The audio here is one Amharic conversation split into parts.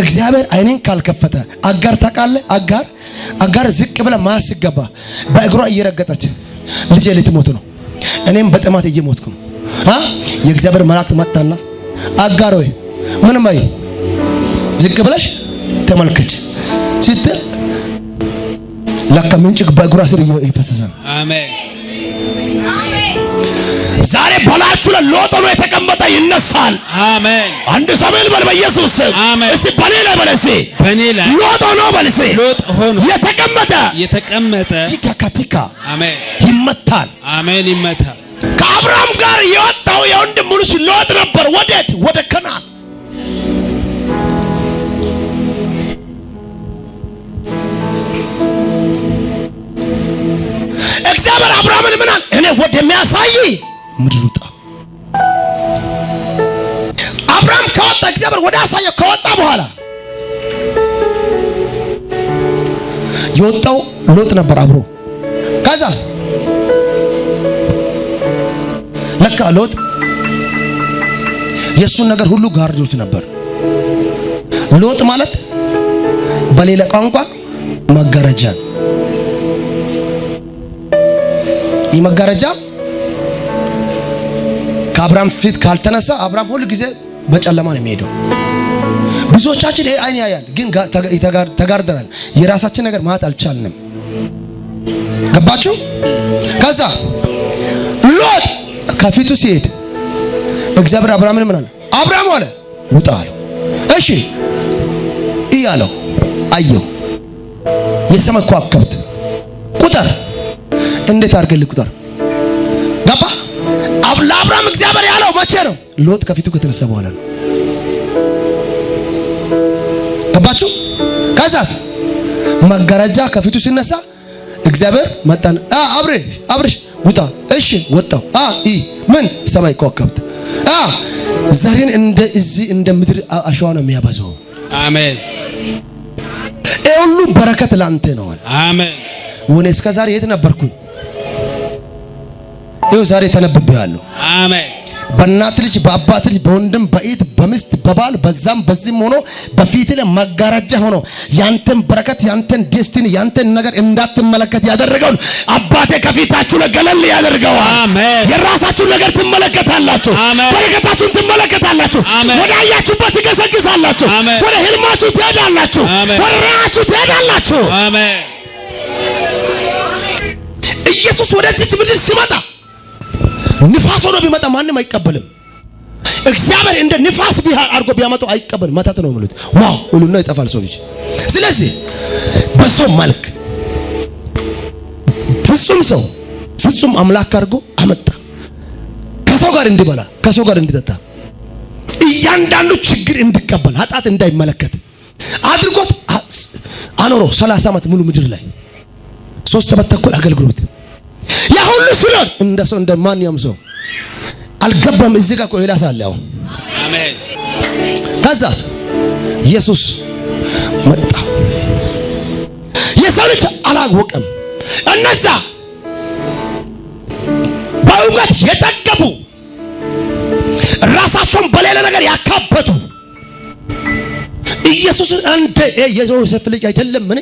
እግዚአብሔር አይኔን ካልከፈተ አጋር ታቃለ አጋር አጋር ዝቅ ብለ ማስገባ በእግሯ እየረገጠች ልጄ ልትሞት ነው፣ እኔም በጥማት እየሞትኩ ነው። የእግዚአብሔር መልአክ መጣና አጋር ወይ ምንም አይ ዝቅ ብለሽ ተመልከች ስትል ለካ ምንጭ በእግሯ ስር እየፈሰሰ ነው። አሜን ዛሬ በላችሁ ለሎጥ ነው የተቀመጠ ይነሳል። አሜን። አንድ ሰሜን በል በኢየሱስ ስም። እስቲ በኔ ላይ በል በኔ ላይ ሎጥ ነው በል ሎጥ ሆኖ የተቀመጠ የተቀመጠ ቲካ ካቲካ አሜን። ይመታል። አሜን። ይመታል። ከአብርሃም ጋር የወጣው የወንድሙ ልጅ ሎጥ ነበር። ወዴት? ወደ ከነዓን እግዚአብሔር አብርሃምን አለ? እኔ ወደሚያሳይ ምድር ውጣ። አብርሃም ከወጣ እግዚአብሔር ወደ አሳየው ከወጣ በኋላ የወጣው ሎጥ ነበር አብሮ። ከዛስ ለካ ሎጥ የእሱን ነገር ሁሉ ጋርዶት ነበር። ሎጥ ማለት በሌላ ቋንቋ መጋረጃ ይህ መጋረጃ ከአብርሃም ፊት ካልተነሳ አብርሃም ሁል ጊዜ በጨለማ ነው የሚሄደው። ብዙዎቻችን ይሄ አይን ያያል፣ ግን ተጋርደናል። የራሳችን ነገር ማለት አልቻልንም። ገባችሁ? ከዛ ሎጥ ከፊቱ ሲሄድ እግዚአብሔር አብርሃምን ምን አለ? አብርሃም አለ ውጣ አለው። እሺ እያለው አየው የሰማይ ከዋክብት ቁጥር እንዴት አድርገን ልቁጠር? ገባ ለአብርሃም እግዚአብሔር ያለው መቼ ነው? ሎጥ ከፊቱ ከተነሳ በኋላ ነው። ገባችሁ? ከዛስ መጋረጃ ከፊቱ ሲነሳ እግዚአብሔር መጣን። አብሬ አብርሽ ውጣ። እሺ ወጣው። አ ኢ ምን ሰማይ ከዋክብት አ ዛሬን እንደ እዚህ እንደ ምድር አሸዋ ነው የሚያበዛው። አሜን። ይህ ሁሉ በረከት ላንተ ነው። አሜን። ወኔ እስከ ዛሬ የት ነበርኩኝ? ይኸው ዛሬ ተነብቤሃለሁ። አሜን። በእናት ልጅ፣ በአባት ልጅ፣ በወንድም፣ በኢት፣ በሚስት፣ በባል በዛም በዚህም ሆኖ በፊት ላይ መጋረጃ ሆኖ ያንተን በረከት ያንተን ዴስቲኒ ያንተን ነገር እንዳትመለከት ያደረገውን አባቴ ከፊታችሁ ገለል ያደርገዋል። የራሳችሁን ነገር ትመለከታላችሁ፣ በረከታችሁን ትመለከታላችሁ፣ ወደ አያችሁበት ትገሰግሳላችሁ፣ ወደ ህልማችሁ ትሄዳላችሁ፣ ወደ ራእያችሁ ትሄዳላችሁ። ኢየሱስ ወደዚች ምድር ሲመጣ ንፋስ ሆኖ ቢመጣ ማንም አይቀበልም። እግዚአብሔር እንደ ንፋስ አድርጎ ቢያመጣው አይቀበልም። መተት ነው የሚሉት ዋው ሁሉና ይጠፋል ሰው ልጅ። ስለዚህ በሰው መልክ ፍጹም ሰው ፍጹም አምላክ አድርጎ አመጣ። ከሰው ጋር እንዲበላ፣ ከሰው ጋር እንዲጠጣ፣ እያንዳንዱ ችግር እንዲቀበል፣ ኃጢአት እንዳይመለከት አድርጎት አኖሮ ሰላሳ ዓመት ሙሉ ምድር ላይ ሶስት ዓመት ተኩል አገልግሎት ያ ሁሉ ሲኖር እንደ ሰው እንደ ማንኛውም ሰው አልገባም። እዚህ ጋር ቆይላስ ሳለ አሁን አሜን። ከዛስ ኢየሱስ መጣ። የሰው ልጅ አላወቀም። እነዛ በእውቀት የጠገቡ ራሳቸውን በሌላ ነገር ያካበቱ ኢየሱስን አንተ የዮሴፍ ልጅ አይደለምን?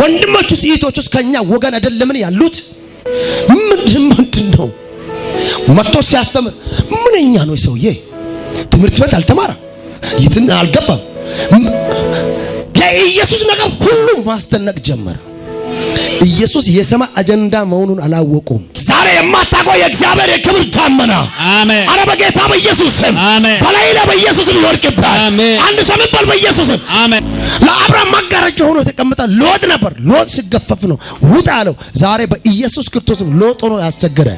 ወንድሞቹስ እህቶቹስ ከኛ ወገን አይደለምን? ያሉት ምንድን ምንድን ነው መጥቶ ሲያስተምር ምንኛ ነው ሰውዬ ትምህርት ቤት አልተማረም፣ የትን አልገባም። ለኢየሱስ ነገር ሁሉም ማስደነቅ ጀመረ። ኢየሱስ የሰማይ አጀንዳ መሆኑን አላወቁም። የማታቆ የእግዚአብሔር የክብር ዳመና አረ በጌታ በኢየሱስ ስም በላይ ላይ በኢየሱስ ይወድቅብሃል። አንድ ሰው ይባል በኢየሱስ ስም አሜን። ለአብርሃም መጋረጃ ሆኖ የተቀመጠ ሎጥ ነበር። ሎጥ ሲገፈፍ ነው ውጣ አለው። ዛሬ በኢየሱስ ክርስቶስ ሎጥ ሆኖ ያስቸገረ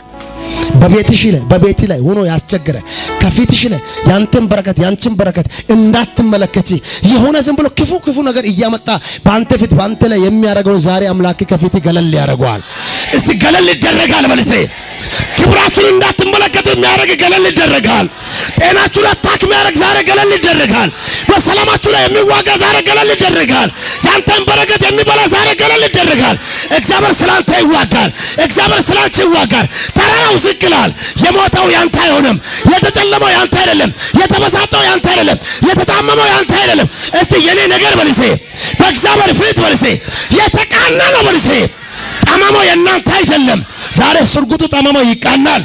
በቤትሽ ላይ በቤት ላይ ሆኖ ያስቸገረ ከፊትሽ ላይ ያንተን በረከት ያንቺን በረከት እንዳትመለከች የሆነ ዝም ብሎ ክፉ ክፉ ነገር እያመጣ በአንተ ፊት በአንተ ላይ የሚያደርገውን ዛሬ አምላክ ከፊት ገለል ያደርገዋል። እስቲ ገለል ይደረጋል። መልሴ ክብራችሁን እንዳትመለከቱ የሚያደርግ ገለል ይደረጋል። ጤናችሁ ላይ የሚያደርግ ዛሬ ገለል ይደረጋል። በሰላማችሁ ላይ የሚዋጋ ዛሬ ገለል ይደረጋል። ያንተን በረከት የሚበላ ዛሬ ገለል ይደረጋል። እግዚአብሔር ስላንተ ይዋጋል። እግዚአብሔር ስላንቺ ይዋጋል። ተራራው ዝቅ ይላል። የሞተው ያንተ አይሆንም። የተጨለመው ያንተ አይደለም። የተበሳጠው ያንተ አይደለም። የተጣመመው ያንተ አይደለም። እስቲ የኔ ነገር በልሴ በእግዚአብሔር ፊት በልሴ የተቃና ነው መልሴ ጠማማው የእናንተ አይደለም። ዛሬ ስርጉጡ ጠማማው ይቃናል።